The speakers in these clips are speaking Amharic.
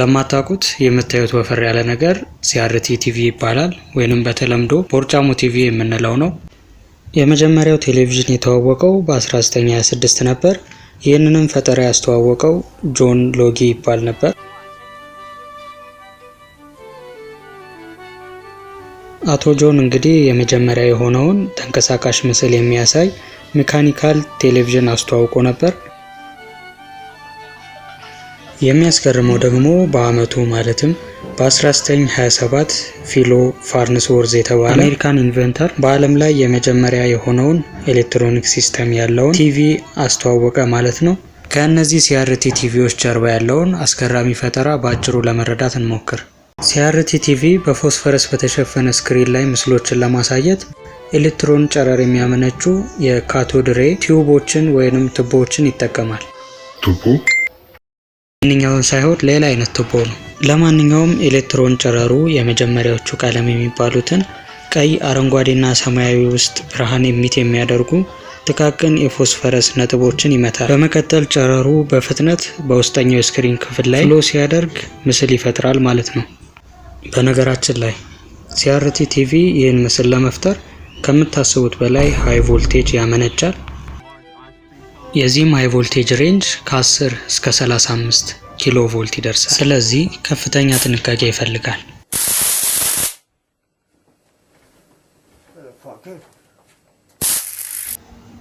ለማታውቁት የምታዩት ወፈር ያለ ነገር ሲአርቲ ቲቪ ይባላል፣ ወይንም በተለምዶ ቦርጫሙ ቲቪ የምንለው ነው። የመጀመሪያው ቴሌቪዥን የተዋወቀው በ1926 ነበር። ይህንንም ፈጠራ ያስተዋወቀው ጆን ሎጊ ይባል ነበር። አቶ ጆን እንግዲህ የመጀመሪያ የሆነውን ተንቀሳቃሽ ምስል የሚያሳይ ሜካኒካል ቴሌቪዥን አስተዋውቆ ነበር። የሚያስገርመው ደግሞ በአመቱ ማለትም በ1927 ፊሎ ፋርንስወርዝ የተባለ አሜሪካን ኢንቨንተር በዓለም ላይ የመጀመሪያ የሆነውን ኤሌክትሮኒክ ሲስተም ያለውን ቲቪ አስተዋወቀ ማለት ነው። ከእነዚህ ሲያርቲ ቲቪዎች ጀርባ ያለውን አስገራሚ ፈጠራ በአጭሩ ለመረዳት እንሞክር። ሲያርቲ ቲቪ በፎስፈረስ በተሸፈነ ስክሪን ላይ ምስሎችን ለማሳየት ኤሌክትሮን ጨረር የሚያመነጩ የካቶድሬ ቲዩቦችን ወይንም ቱቦዎችን ይጠቀማል። ቱቦ ማንኛውን ሳይሆን ሌላ አይነት ቱቦ ነው። ለማንኛውም ኤሌክትሮን ጨረሩ የመጀመሪያዎቹ ቀለም የሚባሉትን ቀይ፣ አረንጓዴና ሰማያዊ ውስጥ ብርሃን ኤሚት የሚያደርጉ ጥቃቅን የፎስፈረስ ነጥቦችን ይመታል። በመቀጠል ጨረሩ በፍጥነት በውስጠኛው የስክሪን ክፍል ላይ ሎ ሲያደርግ ምስል ይፈጥራል ማለት ነው። በነገራችን ላይ ሲአርቲ ቲቪ ይህን ምስል ለመፍጠር ከምታስቡት በላይ ሃይ ቮልቴጅ ያመነጫል። የዚህም ሃይ ቮልቴጅ ሬንጅ ከ10 እስከ 35 ኪሎ ቮልት ይደርሳል። ስለዚህ ከፍተኛ ጥንቃቄ ይፈልጋል።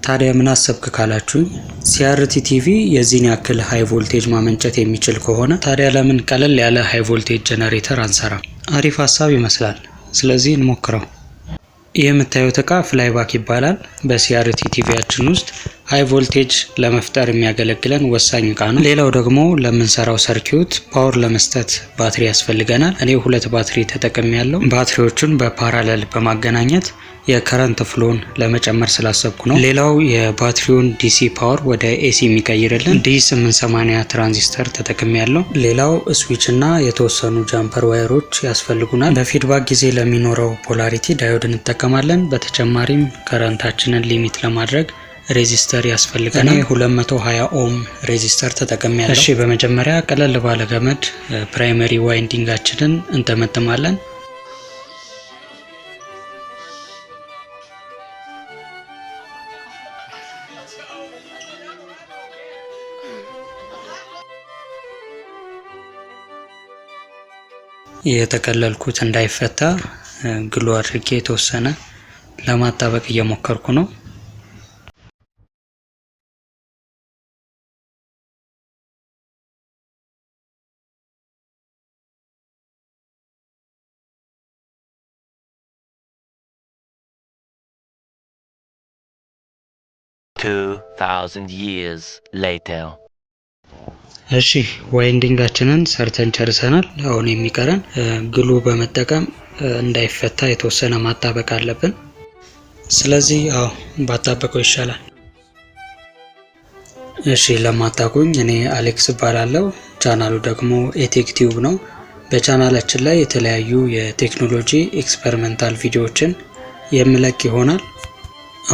ታዲያ ምን አሰብክ ካላችሁኝ፣ ሲአርቲ ቲቪ የዚህን ያክል ሃይ ቮልቴጅ ማመንጨት የሚችል ከሆነ ታዲያ ለምን ቀለል ያለ ሃይ ቮልቴጅ ጀነሬተር አንሰራም? አሪፍ ሀሳብ ይመስላል። ስለዚህ እንሞክረው። ይህ የምታዩት እቃ ፍላይባክ ይባላል። በሲአርቲ ቲቪያችን ውስጥ ሃይ ቮልቴጅ ለመፍጠር የሚያገለግለን ወሳኝ እቃ ነው። ሌላው ደግሞ ለምንሰራው ሰርኪዩት ፓወር ለመስጠት ባትሪ ያስፈልገናል። እኔ ሁለት ባትሪ ተጠቅሜ ያለው ባትሪዎቹን በፓራለል በማገናኘት የከረንት ፍሎን ለመጨመር ስላሰብኩ ነው። ሌላው የባትሪውን ዲሲ ፓወር ወደ ኤሲ የሚቀይርልን ዲ880 ትራንዚስተር ተጠቅሜ ያለው። ሌላው ስዊች እና የተወሰኑ ጃምፐር ዋየሮች ያስፈልጉናል። በፊድባክ ጊዜ ለሚኖረው ፖላሪቲ ዳዮድ እንጠቀማለን። በተጨማሪም ከረንታችንን ሊሚት ለማድረግ ሬዚስተር ያስፈልገናል። እኔ 220 ኦም ሬዚስተር ተጠቅሜ እሺ በመጀመሪያ ቀለል ባለ ገመድ ፕራይመሪ ዋይንዲንጋችንን እንጠመጥማለን። የተቀለልኩት እንዳይፈታ ግሉ አድርጌ የተወሰነ ለማጣበቅ እየሞከርኩ ነው። 2000 years later እሺ ዋይንዲንጋችንን ሰርተን ጨርሰናል። አሁን የሚቀረን ግሉ በመጠቀም እንዳይፈታ የተወሰነ ማጣበቅ አለብን። ስለዚህ አዎ ባጣበቀው ይሻላል። እሺ ለማታቁኝ እኔ አሌክስ እባላለሁ። ቻናሉ ደግሞ ኤቴክ ቲዩብ ነው። በቻናላችን ላይ የተለያዩ የቴክኖሎጂ ኤክስፐሪመንታል ቪዲዮዎችን የምለቅ ይሆናል።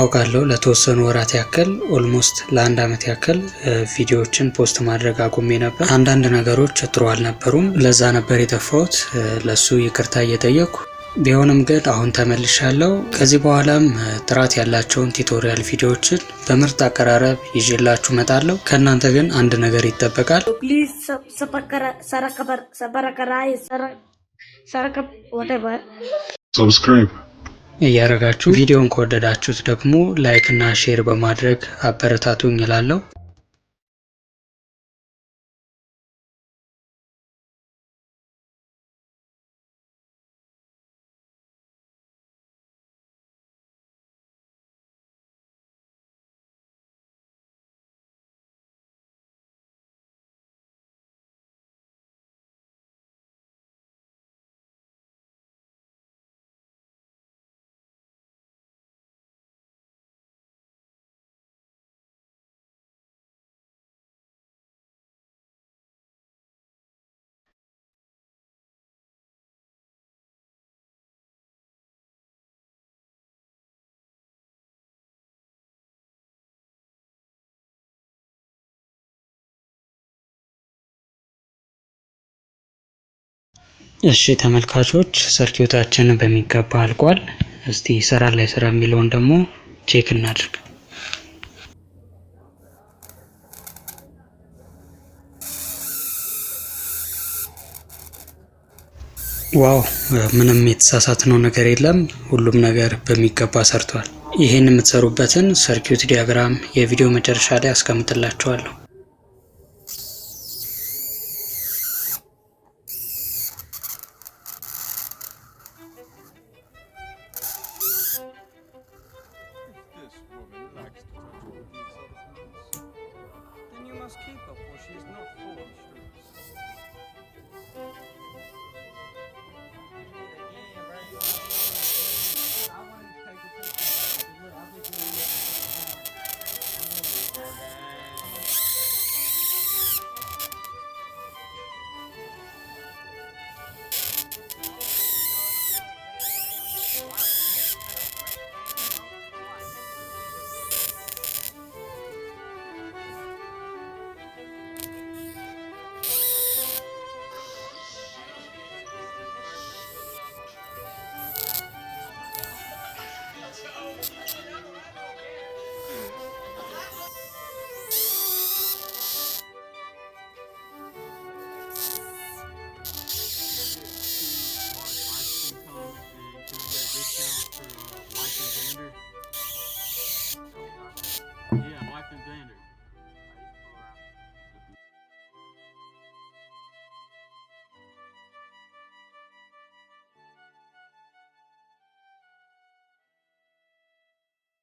አውቃለሁ ለተወሰኑ ወራት ያክል ኦልሞስት ለአንድ አመት ያክል ቪዲዮዎችን ፖስት ማድረግ አቁሜ ነበር። አንዳንድ ነገሮች ጥሩ አልነበሩም። ለዛ ነበር የጠፋሁት። ለሱ ይቅርታ እየጠየኩ ቢሆንም ግን አሁን ተመልሻለሁ። ከዚህ በኋላም ጥራት ያላቸውን ቲቶሪያል ቪዲዮዎችን በምርጥ አቀራረብ ይዤላችሁ መጣለሁ ከእናንተ ግን አንድ ነገር ይጠበቃል። ሰብስክራይብ እያደረጋችሁ ቪዲዮን ከወደዳችሁት ደግሞ ላይክ እና ሼር በማድረግ አበረታቱኝ እላለሁ። እሺ ተመልካቾች ሰርኪዩታችን በሚገባ አልቋል። እስቲ ላይ ስራ የሚለውን ደግሞ ቼክ እናድርግ። ዋው ምንም የተሳሳት ነው ነገር የለም። ሁሉም ነገር በሚገባ ሰርቷል። ይህን የምትሰሩበትን ሰርኪዩት ዲያግራም የቪዲዮ መጨረሻ ላይ አስቀምጥላችኋለሁ።